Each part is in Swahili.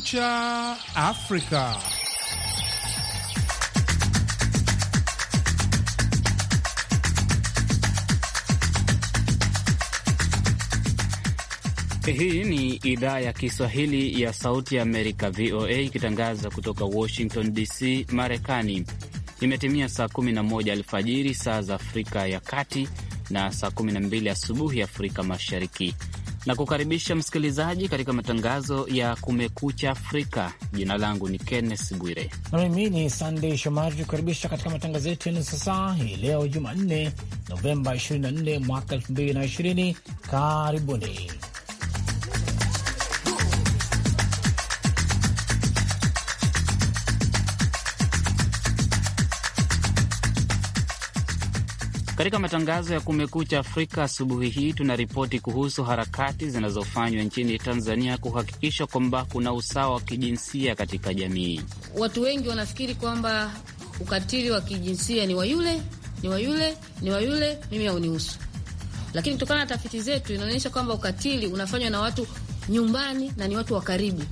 Kumekucha Afrika. Hii ni idhaa ya Kiswahili ya Sauti ya Amerika, VOA, ikitangaza kutoka Washington DC, Marekani. Imetimia saa 11 alfajiri saa za Afrika ya Kati na saa 12 asubuhi Afrika Mashariki na kukaribisha msikilizaji katika matangazo ya Kumekucha Afrika. Jina langu ni kennes Bwire na mimi ni Sandey Shomari, tukukaribisha katika matangazo yetu ya nusu saa hii leo Jumanne Novemba 24 mwaka 2020. Karibuni. Katika matangazo ya Kumekucha Afrika asubuhi hii tunaripoti kuhusu harakati zinazofanywa nchini Tanzania kuhakikisha kwamba kuna usawa wa kijinsia katika jamii. Watu wengi wanafikiri kwamba ukatili wa kijinsia ni wa yule, ni wa yule, ni wa yule, mimi haunihusu. Lakini kutokana na tafiti zetu inaonyesha kwamba ukatili unafanywa na watu nyumbani na ni watu wa karibu.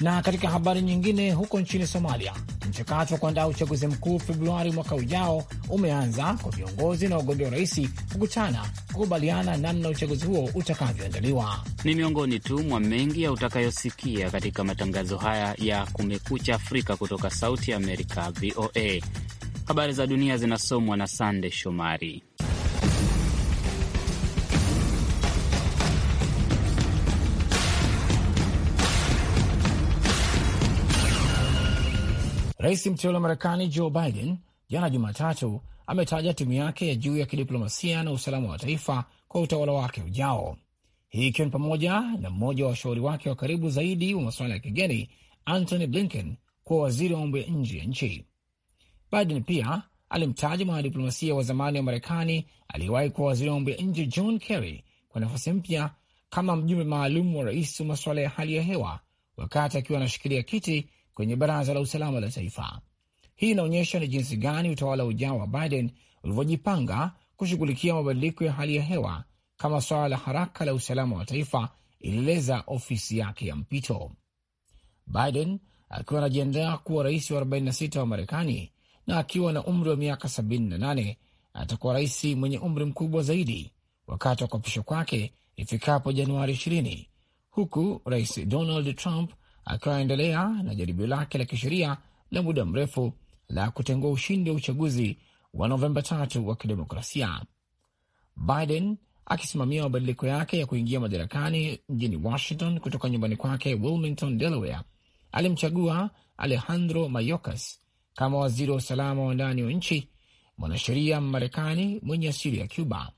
Na katika habari nyingine, huko nchini Somalia, mchakato wa kuandaa uchaguzi mkuu Februari mwaka ujao umeanza kwa viongozi na wagombea raisi kukutana kukubaliana namna uchaguzi huo utakavyoandaliwa. Ni miongoni tu mwa mengi ya utakayosikia katika matangazo haya ya Kumekucha Afrika kutoka Sauti Amerika, VOA. Habari za dunia zinasomwa na Sande Shomari. Rais mteule wa Marekani Joe Biden jana Jumatatu ametaja timu yake ya juu ya kidiplomasia na usalama wa taifa kwa utawala wake ujao, hii ikiwa ni pamoja na mmoja wa washauri wake wa karibu zaidi wa masuala ya kigeni Antony Blinken kuwa waziri wa mambo ya nje ya nchi. Biden pia alimtaja mwanadiplomasia wa zamani wa Marekani aliyewahi kuwa waziri wa mambo ya nje John Kerry kwa nafasi mpya kama mjumbe maalum wa rais wa masuala ya hali ya hewa wakati akiwa anashikilia kiti kwenye baraza la usalama la taifa. Hii inaonyesha ni jinsi gani utawala ujao wa Biden ulivyojipanga kushughulikia mabadiliko ya hali ya hewa kama swala la haraka la usalama wa taifa, ilieleza ofisi yake ya mpito. Biden akiwa anajiandaa kuwa rais wa 46 wa Marekani na akiwa na umri wa miaka 78 atakuwa rais mwenye umri mkubwa zaidi wakati wa kuapishwa kwake ifikapo Januari 20, huku rais Donald Trump akiwa anaendelea na jaribio lake la kisheria la muda mrefu la kutengua ushindi wa uchaguzi wa Novemba tatu wa kidemokrasia. Biden akisimamia mabadiliko yake ya kuingia madarakani mjini Washington kutoka nyumbani kwake Wilmington, Delaware, alimchagua Alejandro Mayorkas kama waziri wa usalama wa ndani wa nchi, mwanasheria Mmarekani mwenye asili ya Cuba.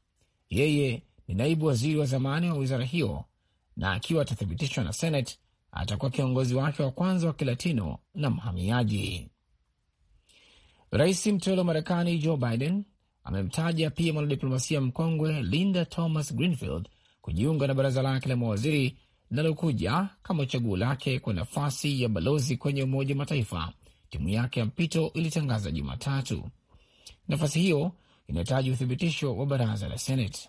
Yeye ni naibu waziri wa zamani wa wizara hiyo, na akiwa atathibitishwa na Senate atakuwa kiongozi wake wa kwanza wa Kilatino na mhamiaji. Rais mteule wa Marekani Joe Biden amemtaja pia mwanadiplomasia mkongwe Linda Thomas Greenfield kujiunga na baraza lake la mawaziri linalokuja kama chaguo lake kwa nafasi ya balozi kwenye Umoja wa Mataifa, timu yake ya mpito ilitangaza Jumatatu. Nafasi hiyo inahitaji uthibitisho wa baraza la Senate.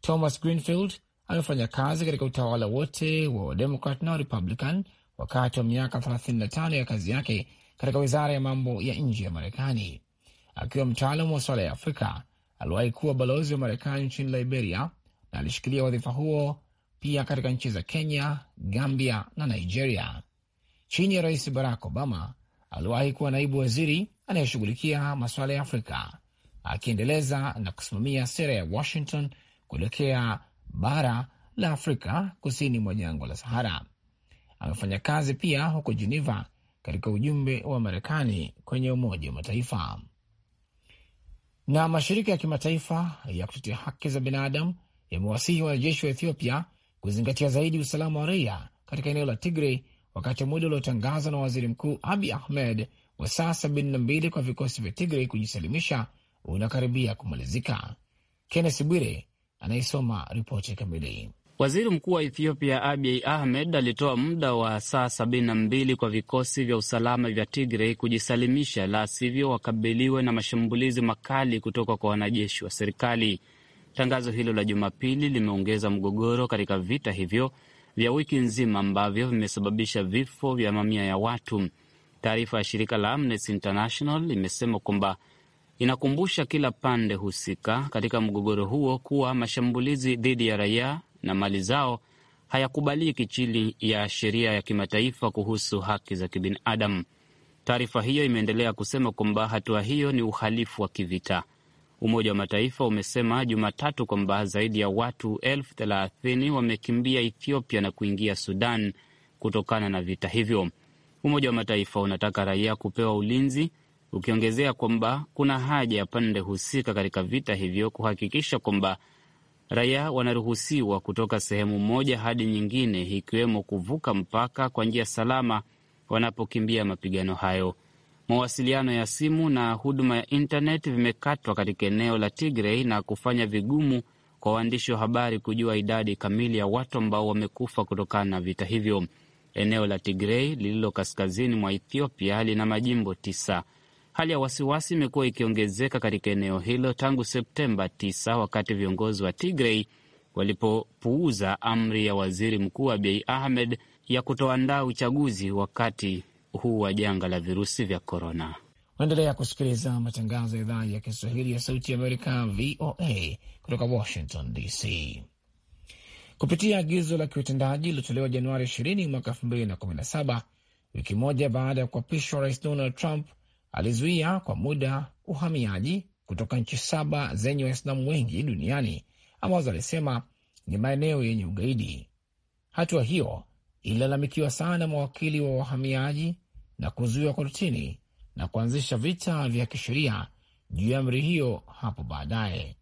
Thomas Greenfield amefanya kazi katika utawala wote wa Wademokrat na Warepublican wakati wa miaka 35 ya kazi yake katika wizara ya mambo ya nje ya Marekani. Akiwa mtaalam wa masuala ya Afrika, aliwahi kuwa balozi wa Marekani nchini Liberia na alishikilia wadhifa huo pia katika nchi za Kenya, Gambia na Nigeria. Chini ya Rais Barack Obama aliwahi kuwa naibu waziri anayeshughulikia masuala ya Afrika, akiendeleza na kusimamia sera ya Washington kuelekea bara la Afrika kusini mwa jangwa la Sahara. Amefanya kazi pia huko Geneva katika ujumbe wa Marekani kwenye Umoja wa Mataifa. Na mashirika ya kimataifa ya kutetea haki za binadamu yamewasihi wanajeshi wa Ethiopia kuzingatia zaidi usalama wa raia katika eneo la Tigray wakati wa muda uliotangazwa na waziri mkuu Abi Ahmed wa saa sabini na mbili kwa vikosi vya Tigray kujisalimisha unakaribia kumalizika. Kenneth Bwire anayesoma ripoti kamili. Waziri mkuu wa Ethiopia Abiy Ahmed alitoa muda wa saa sabini na mbili kwa vikosi vya usalama vya Tigrey kujisalimisha, la sivyo wakabiliwe na mashambulizi makali kutoka kwa wanajeshi wa serikali. Tangazo hilo la Jumapili limeongeza mgogoro katika vita hivyo vya wiki nzima ambavyo vimesababisha vifo vya mamia ya watu. Taarifa ya shirika la Amnesty International imesema kwamba inakumbusha kila pande husika katika mgogoro huo kuwa mashambulizi dhidi ya raia na mali zao hayakubaliki chini ya sheria ya kimataifa kuhusu haki za kibinadamu. Taarifa hiyo imeendelea kusema kwamba hatua hiyo ni uhalifu wa kivita. Umoja wa Mataifa umesema Jumatatu kwamba zaidi ya watu elfu thelathini wamekimbia Ethiopia na kuingia Sudan kutokana na vita hivyo. Umoja wa Mataifa unataka raia kupewa ulinzi ukiongezea kwamba kuna haja ya pande husika katika vita hivyo kuhakikisha kwamba raia wanaruhusiwa kutoka sehemu moja hadi nyingine, ikiwemo kuvuka mpaka kwa njia salama wanapokimbia mapigano hayo. Mawasiliano ya simu na huduma ya intaneti vimekatwa katika eneo la Tigrey na kufanya vigumu kwa waandishi wa habari kujua idadi kamili ya watu ambao wamekufa kutokana na vita hivyo. Eneo la Tigrei lililo kaskazini mwa Ethiopia lina majimbo tisa. Hali ya wasiwasi imekuwa ikiongezeka katika eneo hilo tangu Septemba 9 wakati viongozi wa Tigrei walipopuuza amri ya waziri mkuu Abiy Ahmed ya kutoandaa uchaguzi wakati huu wa janga la virusi vya korona. Naendelea kusikiliza matangazo ya idhaa ya Kiswahili ya Sauti ya Amerika, VOA, kutoka Washington DC. Kupitia agizo la kiutendaji lilotolewa Januari 20 mwaka 2017, wiki moja baada ya kuapishwa Rais Donald Trump alizuia kwa muda uhamiaji kutoka nchi saba zenye Waislamu wengi duniani ambazo alisema ni maeneo yenye ugaidi. Hatua hiyo ililalamikiwa sana mawakili wa wahamiaji na kuzuiwa kortini na kuanzisha vita vya kisheria juu ya amri hiyo hapo baadaye.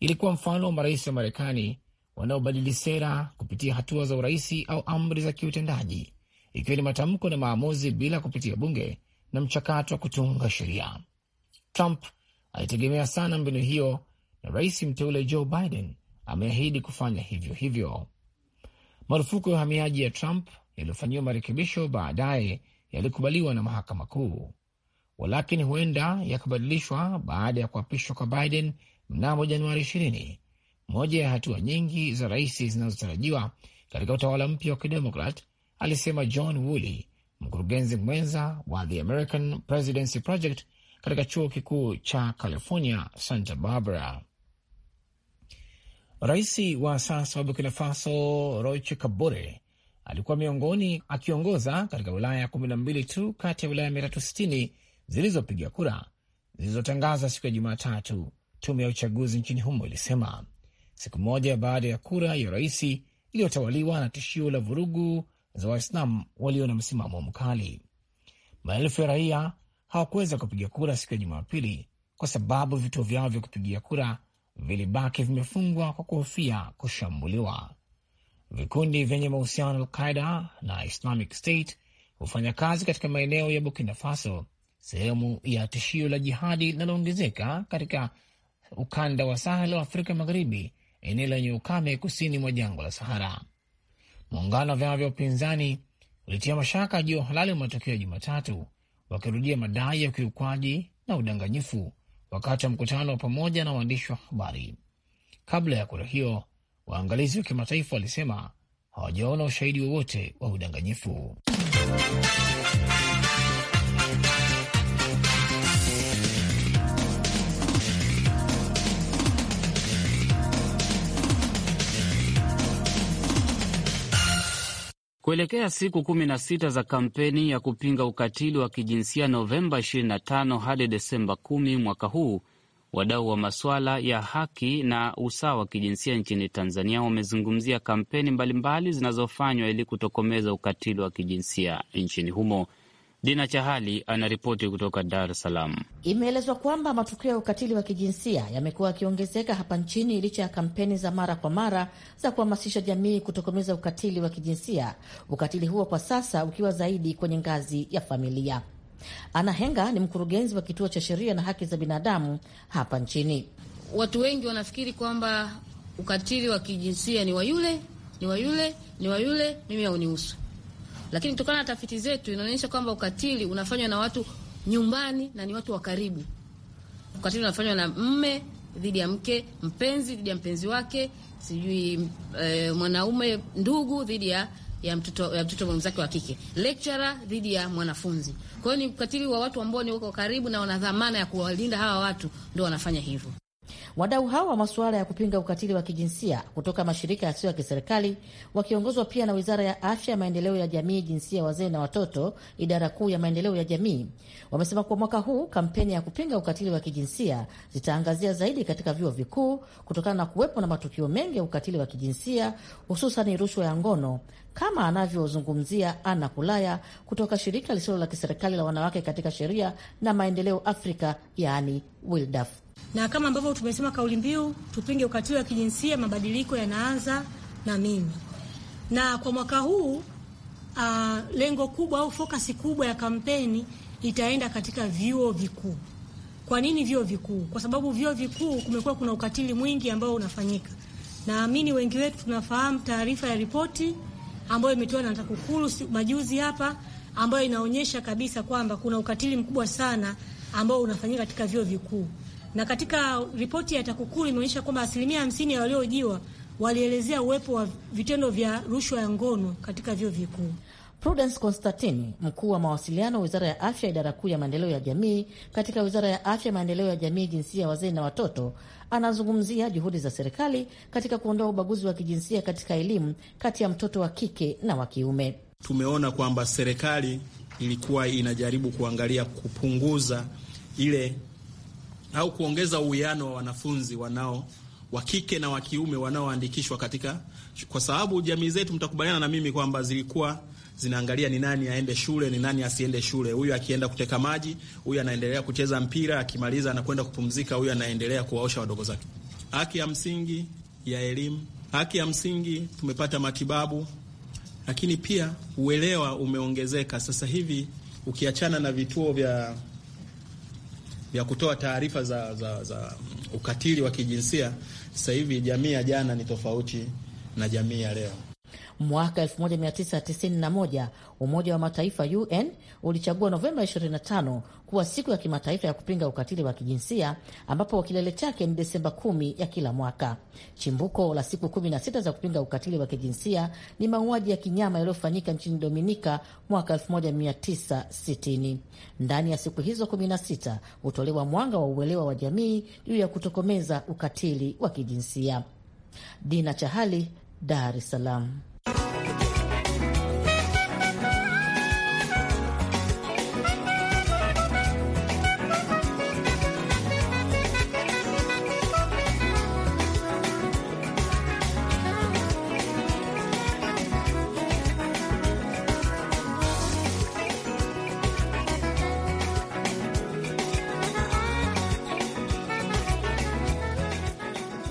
Ilikuwa mfano wa marais wa Marekani wanaobadili sera kupitia hatua za uraisi au amri za kiutendaji, ikiwa ni matamko na maamuzi bila kupitia bunge na mchakato wa kutunga sheria. Trump alitegemea sana mbinu hiyo, na rais mteule Joe Biden ameahidi kufanya hivyo hivyo. Marufuku ya uhamiaji ya Trump yaliyofanyiwa marekebisho baadaye yalikubaliwa na mahakama kuu, walakini huenda yakabadilishwa baada ya kuapishwa kwa Biden mnamo Januari 20, moja ya hatua nyingi za rais zinazotarajiwa katika utawala mpya wa Kidemokrat, alisema John Woolley, mkurugenzi mwenza wa The American Presidency Project katika chuo kikuu cha California, Santa Barbara. Rais wa sasa wa Burkina Faso Roch Kabore alikuwa miongoni akiongoza katika wilaya kumi na mbili tu kati ya wilaya mia tatu sitini zilizopiga kura zilizotangaza siku ya Jumatatu, tume ya uchaguzi nchini humo ilisema, siku moja baada ya kura ya rais iliyotawaliwa na tishio la vurugu za Waislam walio na msimamo mkali. Maelfu ya raia hawakuweza kupiga kura siku ya Jumapili kwa sababu vituo vyao vya kupigia kura vilibaki vimefungwa kwa kuhofia kushambuliwa. Vikundi vyenye mahusiano na Alqaida na Islamic State hufanya kazi katika maeneo ya Burkina Faso, sehemu ya tishio la jihadi linaloongezeka katika ukanda wa Sahel wa Afrika Magharibi, eneo lenye ukame kusini mwa jangwa la Sahara. Muungano wa vyama vya upinzani ulitia mashaka juu ya uhalali wa matokeo ya Jumatatu, wakirudia madai ya ukiukwaji na udanganyifu wakati wa mkutano wa pamoja na waandishi wa habari. Kabla ya kura hiyo, waangalizi wa kimataifa walisema hawajaona ushahidi wowote wa udanganyifu. Kuelekea siku kumi na sita za kampeni ya kupinga ukatili wa kijinsia Novemba 25 hadi Desemba 10 mwaka huu, wadau wa masuala ya haki na usawa wa kijinsia nchini Tanzania wamezungumzia kampeni mbalimbali zinazofanywa ili kutokomeza ukatili wa kijinsia nchini humo. Dina Chahali anaripoti kutoka Dar es Salaam. Imeelezwa kwamba matukio ya ukatili wa kijinsia yamekuwa yakiongezeka hapa nchini licha ya kampeni za mara kwa mara za kuhamasisha jamii kutokomeza ukatili wa kijinsia, ukatili huo kwa sasa ukiwa zaidi kwenye ngazi ya familia. Ana Henga ni mkurugenzi wa kituo cha sheria na haki za binadamu hapa nchini. Watu wengi wanafikiri kwamba ukatili wa kijinsia ni wa yule, ni wa yule, ni wa yule, mimi haunihusu lakini kutokana na tafiti zetu inaonyesha kwamba ukatili unafanywa na watu nyumbani na ni watu wa karibu. Ukatili unafanywa na mme dhidi ya mke, mpenzi dhidi ya mpenzi wake, sijui e, mwanaume ndugu dhidi ya ya mtoto ya mtoto mwenzake wa kike, lecturer dhidi ya mwanafunzi. Kwa hiyo ni ukatili wa watu ambao ni wako karibu na wana dhamana ya kuwalinda hawa watu, ndio wanafanya hivyo. Wadau hawa wa masuala ya kupinga ukatili wa kijinsia kutoka mashirika yasiyo ya kiserikali wakiongozwa pia na Wizara ya Afya, ya Maendeleo ya Jamii, Jinsia, Wazee na Watoto, idara kuu ya maendeleo ya jamii, wamesema kuwa mwaka huu kampeni ya kupinga ukatili wa kijinsia zitaangazia zaidi katika vyuo vikuu kutokana na kuwepo na matukio mengi ya ukatili wa kijinsia hususan rushwa ya ngono kama anavyozungumzia Ana Kulaya kutoka shirika lisilo la kiserikali la wanawake katika sheria na maendeleo Afrika, yaani WiLDAF na kama ambavyo tumesema kauli mbiu tupinge ukatili wa kijinsia, mabadiliko yanaanza na mimi. Na kwa mwaka huu a, ah, lengo kubwa au fokasi kubwa ya kampeni itaenda katika vyuo vikuu. Kwa nini vyuo vikuu? Kwa sababu vyuo vikuu kumekuwa kuna ukatili mwingi ambao unafanyika. Naamini wengi wetu tunafahamu taarifa ya ripoti ambayo imetoa na TAKUKURU majuzi hapa, ambayo inaonyesha kabisa kwamba kuna ukatili mkubwa sana ambao unafanyika katika vyuo vikuu na katika ripoti ya TAKUKURU imeonyesha kwamba asilimia hamsini ya waliojiwa walielezea uwepo wa vitendo vya rushwa ya ngono katika vyuo vikuu. Prudence Constantini, mkuu wa mawasiliano wa wizara ya afya, idara kuu ya maendeleo ya jamii katika wizara ya afya, maendeleo ya jamii, jinsia, wazee na watoto, anazungumzia juhudi za serikali katika kuondoa ubaguzi wa kijinsia katika elimu kati ya mtoto wa kike na wa kiume. Tumeona kwamba serikali ilikuwa inajaribu kuangalia kupunguza ile au kuongeza uwiano wa wanafunzi wanao wa kike na wa kiume wanaoandikishwa katika, kwa sababu jamii zetu, mtakubaliana na mimi kwamba zilikuwa zinaangalia ni nani aende shule, ni nani asiende shule. Huyu akienda kuteka maji, huyu anaendelea kucheza mpira, akimaliza anakwenda kupumzika, huyu anaendelea kuwaosha wadogo zake. Haki ya msingi ya elimu, haki ya msingi tumepata matibabu, lakini pia uelewa umeongezeka sasa hivi, ukiachana na vituo vya vya kutoa taarifa za, za, za ukatili wa kijinsia sasa hivi jamii ya jana ni tofauti na jamii ya leo. Mwaka 1991 Umoja wa Mataifa UN ulichagua Novemba 25 kuwa siku ya kimataifa ya kupinga ukatili wa kijinsia ambapo kilele chake ni Desemba 10 ya kila mwaka. Chimbuko la siku 16 za kupinga ukatili wa kijinsia ni mauaji ya kinyama yaliyofanyika nchini Dominika mwaka 1960. Ndani ya siku hizo 16 hutolewa mwanga wa uelewa wa jamii juu ya kutokomeza ukatili wa kijinsia. Dina Chahali, Dar es Salaam.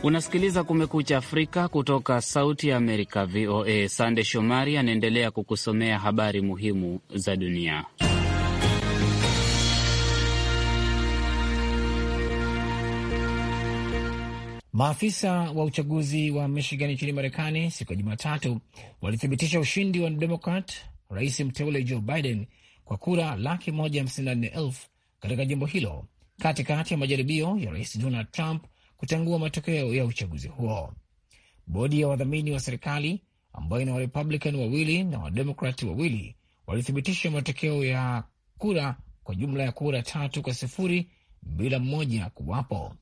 Unasikiliza Kumekucha Afrika kutoka Sauti ya Amerika, VOA. Sande Shomari anaendelea kukusomea habari muhimu za dunia. Maafisa wa uchaguzi wa Michigan nchini Marekani siku ya Jumatatu walithibitisha ushindi wa Demokrat rais mteule Joe Biden kwa kura laki moja hamsini na nne elfu katika jimbo hilo katikati ya majaribio ya rais Donald Trump kutangua matokeo ya uchaguzi huo. Bodi ya wadhamini wa serikali ambayo ina Warepublican wawili na Wademokrat wawili walithibitisha matokeo ya kura kwa jumla ya kura tatu kwa sifuri bila mmoja kuwapo.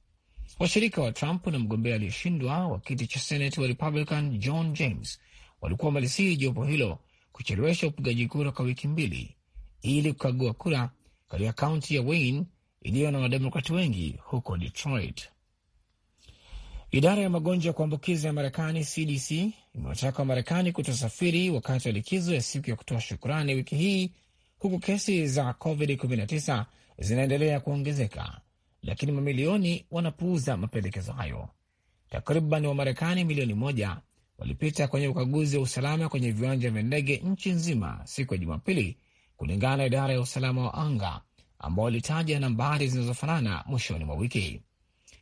Washirika wa Trump na mgombea aliyeshindwa wa kiti cha senati wa Republican John James walikuwa wamelisihi jopo hilo kuchelewesha upigaji kura kwa wiki mbili ili kukagua kura katika kaunti ya Wayne iliyo na wademokrati wengi huko Detroit. Idara ya magonjwa ya kuambukiza ya Marekani, CDC, imewataka Wamarekani kutosafiri wakati wa likizo ya siku ya kutoa shukurani wiki hii, huku kesi za COVID-19 zinaendelea kuongezeka, lakini mamilioni wanapuuza mapendekezo hayo. Takriban Wamarekani milioni moja walipita kwenye ukaguzi wa usalama kwenye viwanja vya ndege nchi nzima siku ya Jumapili, kulingana na idara ya usalama wa anga ambao walitaja nambari zinazofanana mwishoni mwa wiki.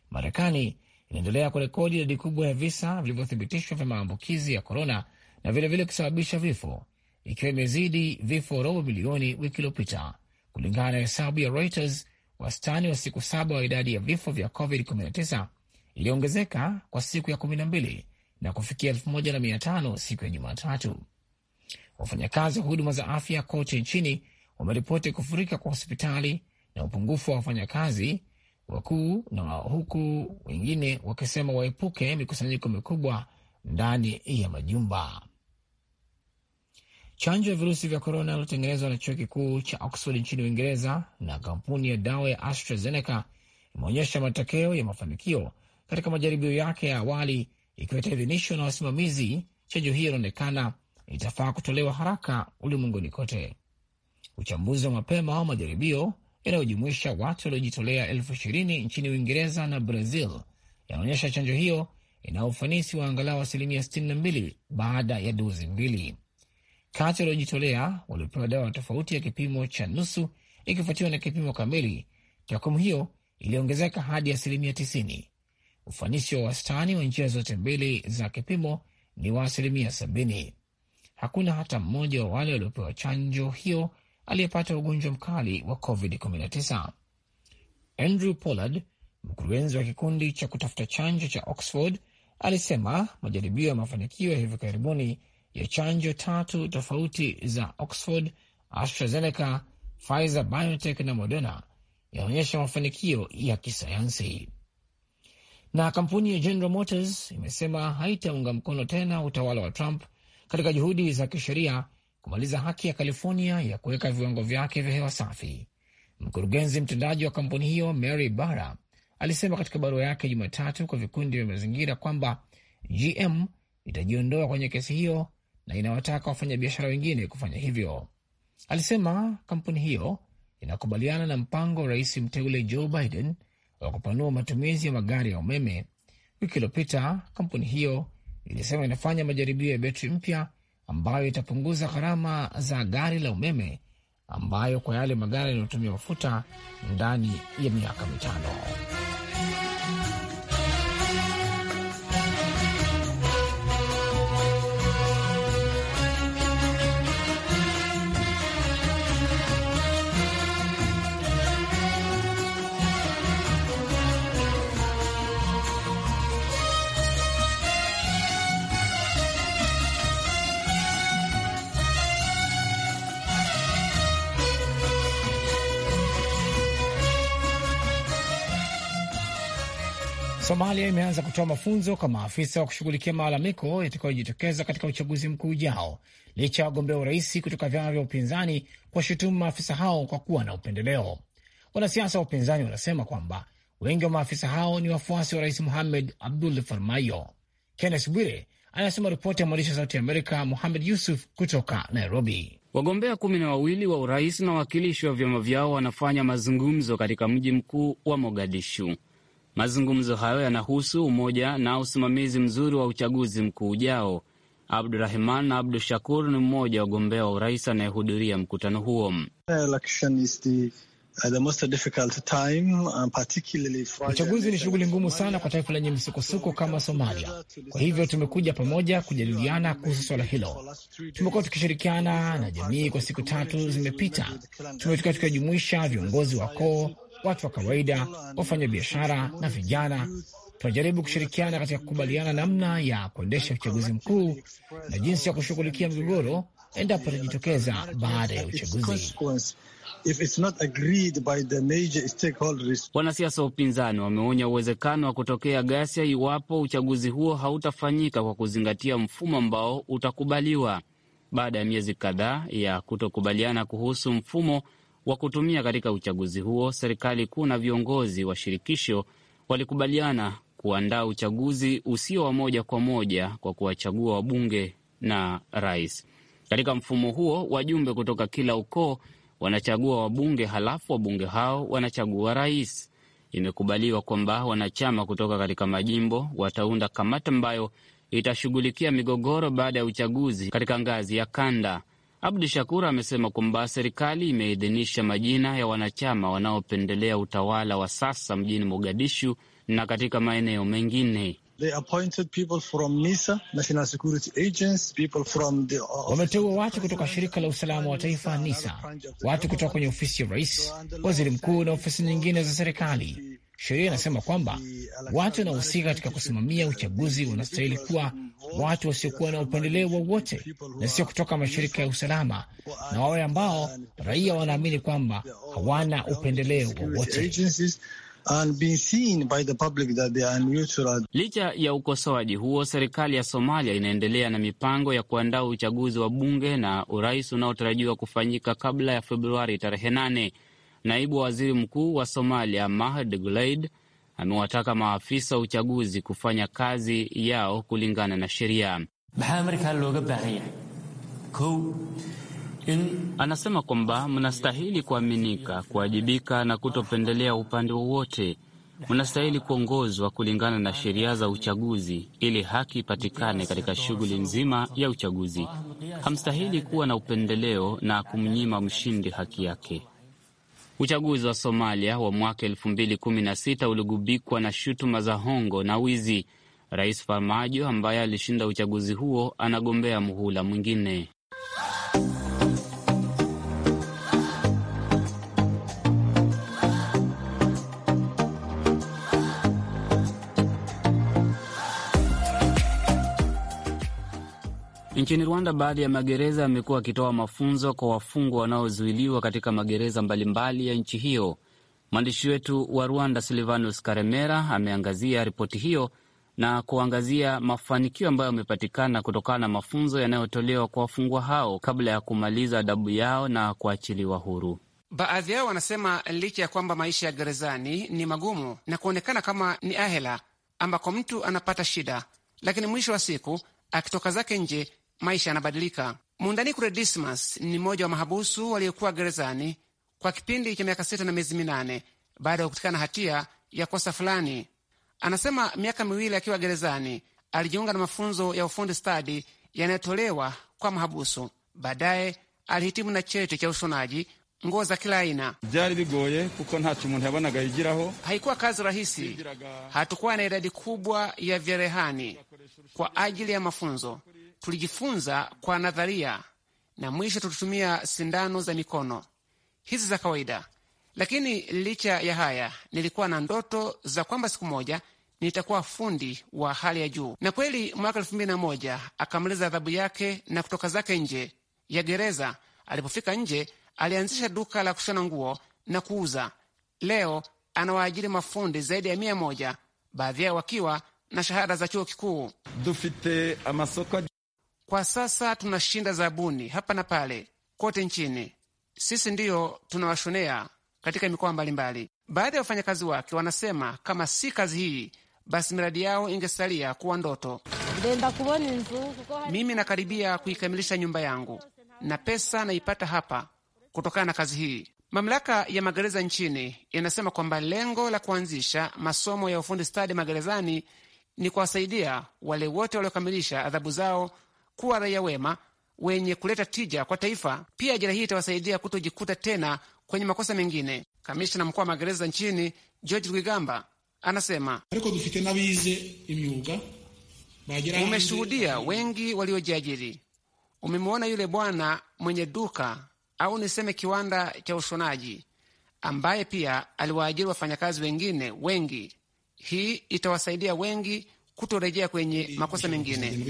Marekani inaendelea kurekodi idadi kubwa ya visa vilivyothibitishwa vya maambukizi ya korona na vilevile kusababisha vifo, ikiwa imezidi vifo robo milioni wiki iliyopita, kulingana na hesabu ya Reuters. Wastani wa siku saba wa idadi ya vifo vya COVID-19 iliongezeka kwa siku ya 12 na kufikia 1500 siku ya Jumatatu. Wafanyakazi wa huduma za afya kote nchini wameripoti kufurika kwa hospitali na upungufu wa wafanyakazi wakuu na huku wengine wakisema waepuke mikusanyiko mikubwa ndani ya majumba. Chanjo ya virusi vya korona iliyotengenezwa na chuo kikuu cha Oxford nchini Uingereza na kampuni ya dawa ya AstraZeneca imeonyesha matokeo ya mafanikio katika majaribio yake ya awali. Ikiwa itaidhinishwa na wasimamizi, chanjo hiyo inaonekana itafaa kutolewa haraka ulimwenguni kote. Uchambuzi wa mapema wa majaribio yanayojumuisha watu waliojitolea elfu ishirini nchini Uingereza na Brazil yanaonyesha chanjo hiyo ina ufanisi wa angalau asilimia 62 baada ya dozi mbili. Kati waliojitolea waliopewa dawa tofauti ya kipimo cha nusu ikifuatiwa na kipimo kamili, takwimu hiyo iliongezeka hadi asilimia 90. Ufanisi wa wastani wa njia zote mbili za kipimo ni wa asilimia 70. Hakuna hata mmoja wa wale waliopewa chanjo hiyo aliyepata ugonjwa mkali wa COVID-19. Andrew Pollard, mkurugenzi wa kikundi cha kutafuta chanjo cha Oxford, alisema majaribio ya mafanikio ya hivi karibuni ya chanjo tatu tofauti za Oxford, AstraZeneca, Pfizer Biotech na Moderna yaonyesha mafanikio ya kisayansi. Na kampuni ya General Motors imesema haitaunga mkono tena utawala wa Trump katika juhudi za kisheria kumaliza haki ya California ya kuweka viwango vyake vya hewa safi. Mkurugenzi mtendaji wa kampuni hiyo Mary Barra alisema katika barua yake Jumatatu kwa vikundi vya mazingira kwamba GM itajiondoa kwenye kesi hiyo na inawataka wafanyabiashara wengine kufanya hivyo. Alisema kampuni hiyo inakubaliana na mpango wa rais mteule Joe Biden wa kupanua matumizi ya magari ya umeme. Wiki iliyopita kampuni hiyo ilisema inafanya majaribio ya betri mpya ambayo itapunguza gharama za gari la umeme ambayo kwa yale magari yanayotumia mafuta ndani ya miaka mitano. Somalia imeanza kutoa mafunzo kwa maafisa wa kushughulikia malalamiko yatakayojitokeza katika uchaguzi mkuu ujao, licha ya wagombea urais kutoka vyama vya upinzani kuwashutumu maafisa hao kwa kuwa na upendeleo. Wanasiasa wa upinzani wanasema kwamba wengi wa maafisa hao ni wafuasi wa rais muhamed Abdul Farmayo. Kennes Bwire anasoma ripoti ya mwandishi wa Sauti Amerika Muhamed Yusuf kutoka Nairobi. Wagombea kumi na wawili wa urais na wawakilishi wa vyama vyao wanafanya mazungumzo katika mji mkuu wa Mogadishu. Mazungumzo hayo yanahusu umoja na usimamizi mzuri wa uchaguzi mkuu ujao. Abdurahman Abdu Shakur ni mmoja wa ugombea wa urais anayehudhuria mkutano huo. Uh, uh, uchaguzi ni shughuli ngumu sana kwa taifa lenye misukosuko kama Somalia. Kwa hivyo tumekuja pamoja kujadiliana kuhusu swala hilo. Tumekuwa tukishirikiana na jamii kwa siku tatu zimepita, tumekuwa tukijumuisha viongozi wa koo watu wa kawaida, wafanyabiashara na vijana. Tunajaribu kushirikiana katika kukubaliana namna ya kuendesha uchaguzi mkuu na jinsi ya kushughulikia migogoro endapo itajitokeza baada ya uchaguzi. Wanasiasa wa upinzani wameonya uwezekano wa kutokea ghasia iwapo uchaguzi huo hautafanyika kwa kuzingatia mfumo ambao utakubaliwa. Baada ya miezi kadhaa ya kutokubaliana kuhusu mfumo wa kutumia katika uchaguzi huo, serikali kuu na viongozi wa shirikisho walikubaliana kuandaa uchaguzi usio wa moja kwa moja kwa kuwachagua wabunge na rais. Katika mfumo huo, wajumbe kutoka kila ukoo wanachagua wabunge, halafu wabunge hao wanachagua rais. Imekubaliwa kwamba wanachama kutoka katika majimbo wataunda kamati ambayo itashughulikia migogoro baada ya uchaguzi katika ngazi ya kanda. Abdu Shakur amesema kwamba serikali imeidhinisha majina ya wanachama wanaopendelea utawala wa sasa mjini Mogadishu na katika maeneo mengine. Wameteua watu kutoka shirika la usalama wa taifa NISA, watu kutoka kwenye ofisi ya rais, waziri mkuu na ofisi nyingine za serikali Sheria inasema kwamba watu wanaohusika katika kusimamia uchaguzi wanastahili kuwa watu wasiokuwa na upendeleo wowote na sio kutoka mashirika ya usalama na wawe ambao raia wanaamini kwamba hawana upendeleo wowote. Licha ya ukosoaji huo, serikali ya Somalia inaendelea na mipango ya kuandaa uchaguzi wa bunge na urais unaotarajiwa kufanyika kabla ya Februari tarehe nane. Naibu waziri mkuu wa Somalia Mahad Gleid amewataka maafisa uchaguzi kufanya kazi yao kulingana na sheria. Anasema kwamba mnastahili kuaminika, kuwajibika na kutopendelea upande wowote. Mnastahili kuongozwa kulingana na sheria za uchaguzi ili haki ipatikane katika shughuli nzima ya uchaguzi. Hamstahili kuwa na upendeleo na kumnyima mshindi haki yake. Uchaguzi wa Somalia wa mwaka 2016 uligubikwa na shutuma za hongo na wizi. Rais Farmajo ambaye alishinda uchaguzi huo anagombea muhula mwingine. Nchini Rwanda, baadhi ya magereza yamekuwa akitoa mafunzo kwa wafungwa wanaozuiliwa katika magereza mbalimbali ya nchi hiyo. Mwandishi wetu wa Rwanda, Silvanus Karemera, ameangazia ripoti hiyo na kuangazia mafanikio ambayo yamepatikana kutokana na mafunzo yanayotolewa kwa wafungwa hao kabla ya kumaliza adabu yao na kuachiliwa huru. Baadhi yao wanasema licha ya kwamba maisha ya gerezani ni magumu na kuonekana kama ni ahela ambako mtu anapata shida, lakini mwisho wa siku akitoka zake nje maisha yanabadilika. Mundanikure Dismas ni mmoja wa mahabusu waliokuwa gerezani kwa kipindi cha miaka sita na miezi minane baada ya kupatikana hatia ya kosa fulani. Anasema miaka miwili akiwa gerezani alijiunga na mafunzo ya ufundi stadi yanayotolewa kwa mahabusu. Baadaye alihitimu na cheti cha ushonaji nguo za kila aina. Haikuwa kazi rahisi, hatukuwa na idadi kubwa ya vyerehani kwa ajili ya mafunzo tulijifunza kwa nadharia na mwisho tulitumia sindano za mikono hizi za kawaida. Lakini licha ya haya, nilikuwa na ndoto za kwamba siku moja nitakuwa fundi wa hali ya juu. Na kweli mwaka elfu mbili na moja akamaliza adhabu yake na kutoka zake nje ya gereza. Alipofika nje, alianzisha duka la kushona nguo na kuuza. Leo anawaajiri mafundi zaidi ya mia moja, baadhi yao wakiwa na shahada za chuo kikuu. Kwa sasa tunashinda zabuni hapa na pale kote nchini. Sisi ndiyo tunawashonea katika mikoa mbalimbali. Baadhi ya wafanyakazi wake wanasema kama si kazi hii, basi miradi yao ingesalia kuwa ndoto. Mimi nakaribia kuikamilisha nyumba yangu na pesa naipata hapa kutokana na kazi hii. Mamlaka ya magereza nchini inasema kwamba lengo la kuanzisha masomo ya ufundi stadi magerezani ni kuwasaidia wale wote waliokamilisha adhabu zao kuwa raia wema wenye kuleta tija kwa taifa. Pia ajira hii itawasaidia kutojikuta tena kwenye makosa mengine. Kamishna mkuu wa magereza nchini George Rwigamba anasema umeshuhudia wengi waliojiajiri. Umemwona yule bwana mwenye duka au niseme kiwanda cha ushonaji, ambaye pia aliwaajiri wafanyakazi wengine wengi. Hii itawasaidia wengi kutorejea kwenye makosa mengine.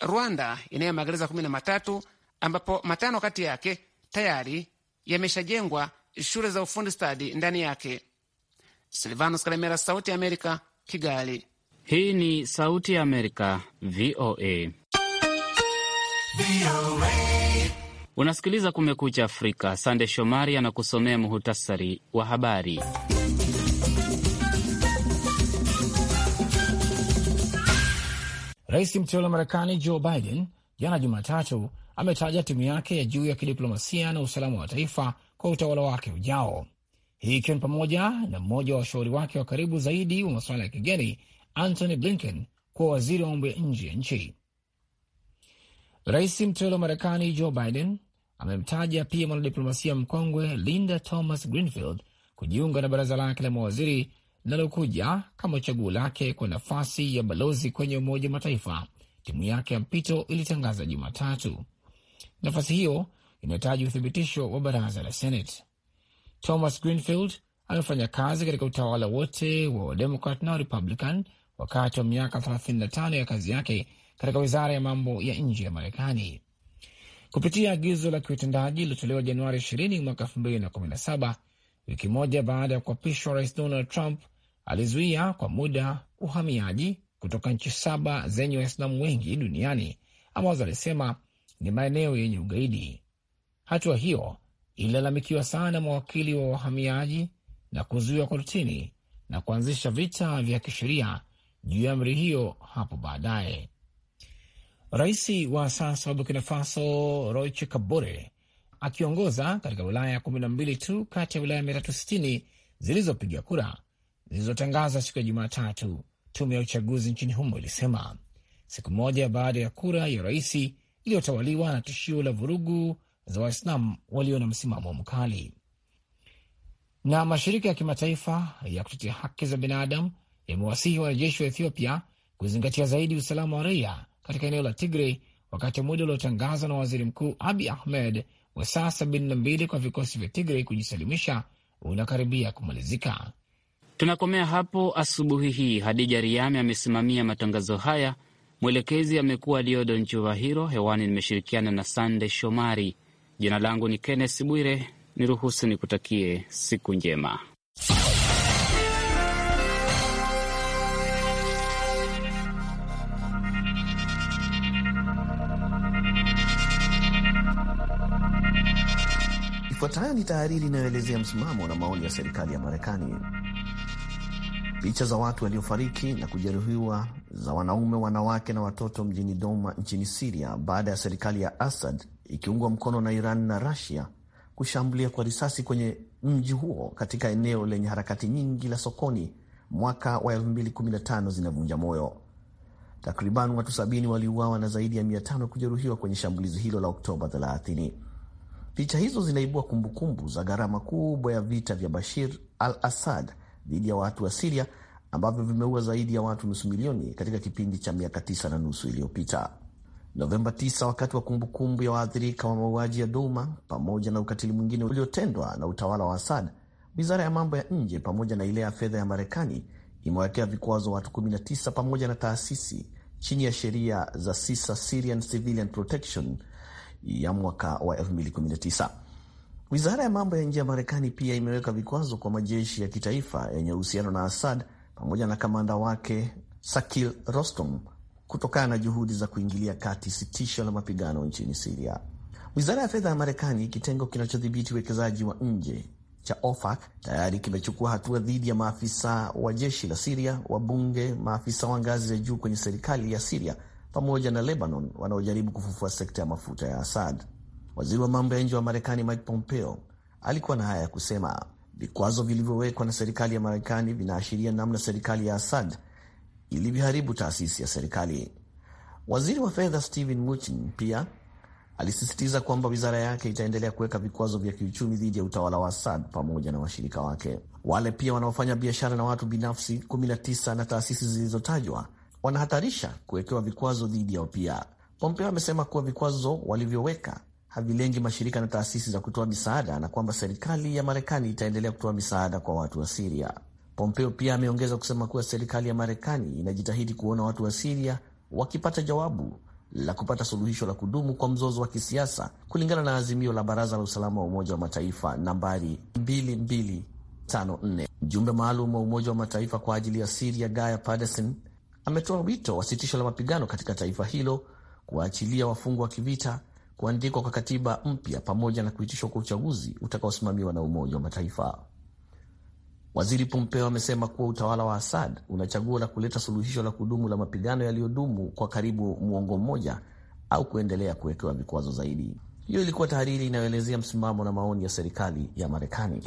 Rwanda inayo magereza kumi na matatu ambapo matano kati yake tayari yameshajengwa shule za ufundi stadi ndani yake. Silvanus Kalemera, Sauti ya Amerika, Kigali. Hii ni Sauti ya Amerika, VOA. VOA unasikiliza Kumekucha Afrika. Sande Shomari anakusomea muhutasari wa habari. Rais mteule wa Marekani Joe Biden jana Jumatatu ametaja timu yake ya juu ya kidiplomasia na usalama wa taifa kwa utawala wake ujao, hii ikiwa ni pamoja na mmoja wa washauri wake wa karibu zaidi wa masuala ya kigeni Antony Blinken kuwa waziri wa mambo ya nje ya nchi. Rais mteule wa Marekani Joe Biden amemtaja pia mwanadiplomasia mkongwe Linda Thomas Greenfield kujiunga na baraza lake la mawaziri linalokuja kama chaguo lake kwa nafasi ya balozi kwenye Umoja wa Mataifa, timu yake ya mpito ilitangaza Jumatatu. Nafasi hiyo inahitaji uthibitisho wa baraza la Senate. Thomas Greenfield amefanya kazi katika utawala wote wa Wademokrat na Warepublican wakati wa miaka 35 ya kazi yake katika wizara ya mambo ya nje ya Marekani. Kupitia agizo la kiutendaji lilotolewa Januari 20 mwaka 2017, wiki moja baada ya kuapishwa Rais Donald Trump alizuia kwa muda uhamiaji kutoka nchi saba zenye Waislamu wengi duniani ambazo alisema ni maeneo yenye ugaidi. Hatua hiyo ililalamikiwa sana mawakili wa wahamiaji na kuzuiwa kortini na kuanzisha vita vya kisheria juu ya amri hiyo hapo baadaye. Rais wa sasa wa Burkina Faso Roch Kabore akiongoza katika wilaya kumi na mbili tu kati ya wilaya mia tatu sitini zilizopiga kura zilizotangaza siku ya Jumatatu, tume ya uchaguzi nchini humo ilisema siku moja baada ya kura ya rais iliyotawaliwa na tishio la vurugu za Waislamu walio na msimamo mkali. Na mashirika ya kimataifa ya kutetea haki za binadamu yamewasihi wanajeshi wa Ethiopia kuzingatia zaidi usalama wa raia katika eneo la tigre wakati muda uliotangazwa na waziri mkuu Abi Ahmed wa saa 72 kwa vikosi vya Tigre kujisalimisha unakaribia kumalizika. Tunakomea hapo asubuhi hii. Hadija Riami amesimamia matangazo haya, mwelekezi amekuwa Diodo Nchuvahiro. Hewani nimeshirikiana na Sande Shomari. Jina langu ni Kennes Bwire, niruhusu nikutakie siku njema. Ifuatayo ni tahariri inayoelezea msimamo na maoni ya serikali ya Marekani. Picha za watu waliofariki na kujeruhiwa za wanaume, wanawake na watoto mjini Doma nchini Siria baada ya serikali ya Assad ikiungwa mkono na Iran na rasia kushambulia kwa risasi kwenye mji huo katika eneo lenye harakati nyingi la sokoni mwaka wa 2015 zinavunja moyo. Takriban watu 70 waliuawa na zaidi ya 500 kujeruhiwa kwenye shambulizi hilo la Oktoba 30. Picha hizo zinaibua kumbukumbu za gharama kubwa ya vita vya Bashir al-Assad dhidi ya watu wa Siria ambavyo vimeua zaidi ya watu nusu milioni katika kipindi cha miaka tisa na nusu iliyopita. Novemba 9 wakati wa kumbukumbu ya waathirika wa mauaji ya Douma pamoja na ukatili mwingine uliotendwa na utawala wa Assad, wizara ya mambo ya nje pamoja na ile ya fedha ya Marekani imewekea vikwazo watu 19 pamoja na taasisi chini ya sheria za sisa Syrian Civilian Protection ya mwaka wa 2019. Wizara ya mambo ya nje ya Marekani pia imeweka vikwazo kwa majeshi ya kitaifa yenye uhusiano na Assad pamoja na kamanda wake Sakil Rostom kutokana na juhudi za kuingilia kati sitisho la mapigano nchini Siria. Wizara ya fedha ya Marekani, kitengo kinachodhibiti uwekezaji wa nje cha OFAC, tayari kimechukua hatua dhidi ya maafisa wa jeshi la Siria, wabunge, maafisa wa ngazi za juu kwenye serikali ya Siria pamoja na Lebanon wanaojaribu kufufua sekta ya mafuta ya Assad. Waziri wa mambo ya nje wa Marekani Mike Pompeo alikuwa na haya ya kusema: vikwazo vilivyowekwa na serikali ya Marekani vinaashiria namna serikali ya Assad ilivyoharibu taasisi ya serikali. Waziri wa fedha stehen Mnuchin pia alisisitiza kwamba wizara yake itaendelea kuweka vikwazo vya kiuchumi dhidi ya utawala wa Assad pamoja na washirika wake. Wale pia wanaofanya biashara na watu binafsi 19 na taasisi zilizotajwa wanahatarisha kuwekewa vikwazo dhidi yao pia. Pompeo amesema kuwa vikwazo walivyoweka havilengi mashirika na taasisi za kutoa misaada na kwamba serikali ya Marekani itaendelea kutoa misaada kwa watu wa Siria. Pompeo pia ameongeza kusema kuwa serikali ya Marekani inajitahidi kuona watu wa Siria wakipata jawabu la kupata suluhisho la kudumu kwa mzozo wa kisiasa kulingana na azimio la Baraza la Usalama wa Umoja wa Mataifa nambari 2254. Mjumbe maalum wa Umoja wa Mataifa kwa ajili ya Siria Gaya paderson ametoa wito wa sitisho la mapigano katika taifa hilo, kuwaachilia wafungwa wa kivita kuandikwa kwa katiba mpya pamoja na kuitishwa kwa uchaguzi utakaosimamiwa na Umoja wa Mataifa. Waziri Pompeo amesema kuwa utawala wa Assad una chaguo la kuleta suluhisho la kudumu la mapigano yaliyodumu kwa karibu muongo mmoja au kuendelea kuwekewa vikwazo zaidi. Hiyo ilikuwa tahariri inayoelezea msimamo na maoni ya serikali ya Marekani.